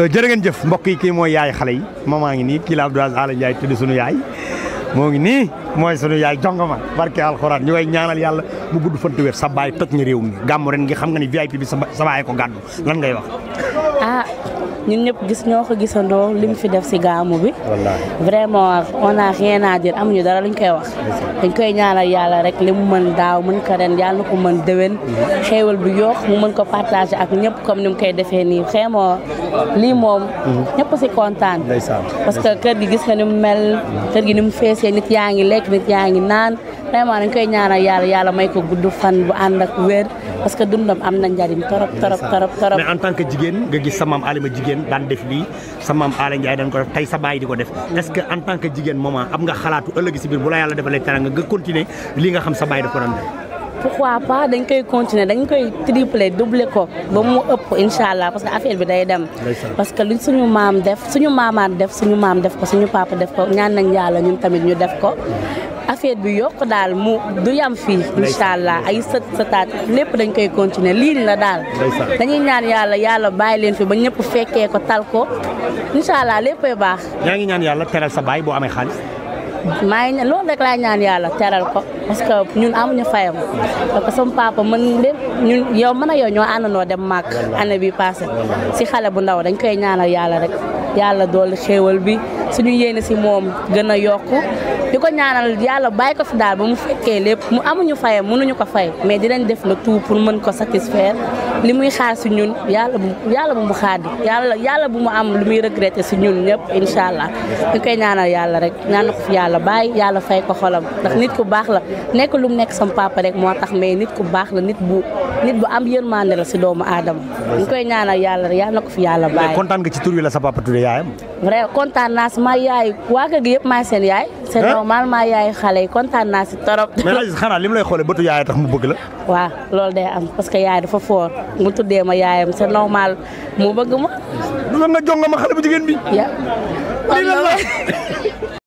Euh, jërë ngeen jëf mbokk yi kii mooy yaay xale yi maman ngi nii kii la Abdou Aziz Ndiaye tudd sunu yaay moo ngi nii mooy sunu yaay jongoma barke alxuraan ñu koy ñaanal yàlla mu gudd fantu wér sa baay toj na réew ren gi xam nga ni VIP bi sa baay ko gàddu lan ngay wax. ah ñun ñëpp gis ñoo ko gisandoo li fi def si gàmmu bi. vraiment on a rien à amuñu dara luñ koy wax. dañ koy ñaanal yàlla rek li mu mën daaw mën ko ren yàlla na ko mën déwén. Mm-hmm. xéewal bu yokk mu mën ko partager ak ñëpp comme ni mu koy defee nii vraiment moom. Mm-hmm. ñëpp si kontaan. parce kër gis ni mu mel. kër gi tamit yaa ngi naan vraiment dañ koy ñaanal yàlla yàlla may ko gudd fan bu ànd ak wér parce que dundam am na njariñ torop torop torop torop mais en tant que jigéen nga gis sa maam Alima jigéen daan def lii sa maam Ala Ndiaye dañ ko def tey sa baay di ko def est-ce que en tant que jigéen moment am nga xalaatu ëllëg si biir bu la yàlla defalee teranga nga continuer li nga xam sa baay daf ko doon def pourquoi pas dañ koy continuer dañ koy tripler doubler ko ba mu ëpp incha allah parce que affaire bi day dem. parce que luñ suñu maam def suñu maamaat def suñu maam def ko suñu papa def ko ñaan nañ yàlla ñun tamit ñu def ko. affaire bi yokk daal mu du yam fii incha allah ay sët sëtaat lépp dañ koy continuer lii la daal dañuy ñaan yàlla yàlla bàyyi leen fi ba ñëpp fekkee ko tal ko incha lépp léppay baax ñaa ngi ñaan yàlla teral sa baay boo amee xaalis maa ngi loolu rek laa ñaan yàlla teral ko parce que ñun amuñu fayam parce que sama papa man de ñun yow mën a yow ñoo noo dem màkk année bi passé si xale bu ndaw dañ koy ñaanal yàlla rek yàlla dolli xéewal bi suñu yéene si moom gën a yokk di ko ñaanal yàlla bàyyi ko fi daal ba mu fekkee lépp mu amuñu fayam mënuñu ko fay mais dinañ def le tout pour mën ko satisfaire li muy xaar si ñun yàlla bu yàlla bu mu xaadi yàlla yàlla bu mu am lu muy regretter si ñun ñëpp incha allah ñu koy ñaanal yàlla rek ñaan ko fi yàlla bàyyi yàlla fay ko xolam ndax nit ku baax la nekk lu mu nekk sam papa rek moo tax mais nit ku baax la nit bu nit bu am yërmande la si doomu aadama ñu koy ñaanal yàlla rek ko fi yàlla bàyyi kontaan nga ci tur la sa papa jóge yaayam. vrai kontaan naa si maa yaay waa kër gi yëpp maa seen yaay. seen doom maa yaay xale kontaan naa torop. mais Aziz xanaa li mu lay xoolee tax mu bëgg la. waaw loolu day am parce que yaay dafa foor mu tuddee ma yaayam c'est normal mu bëgg ma. du nga jonga ma xale bu jigéen bi. ya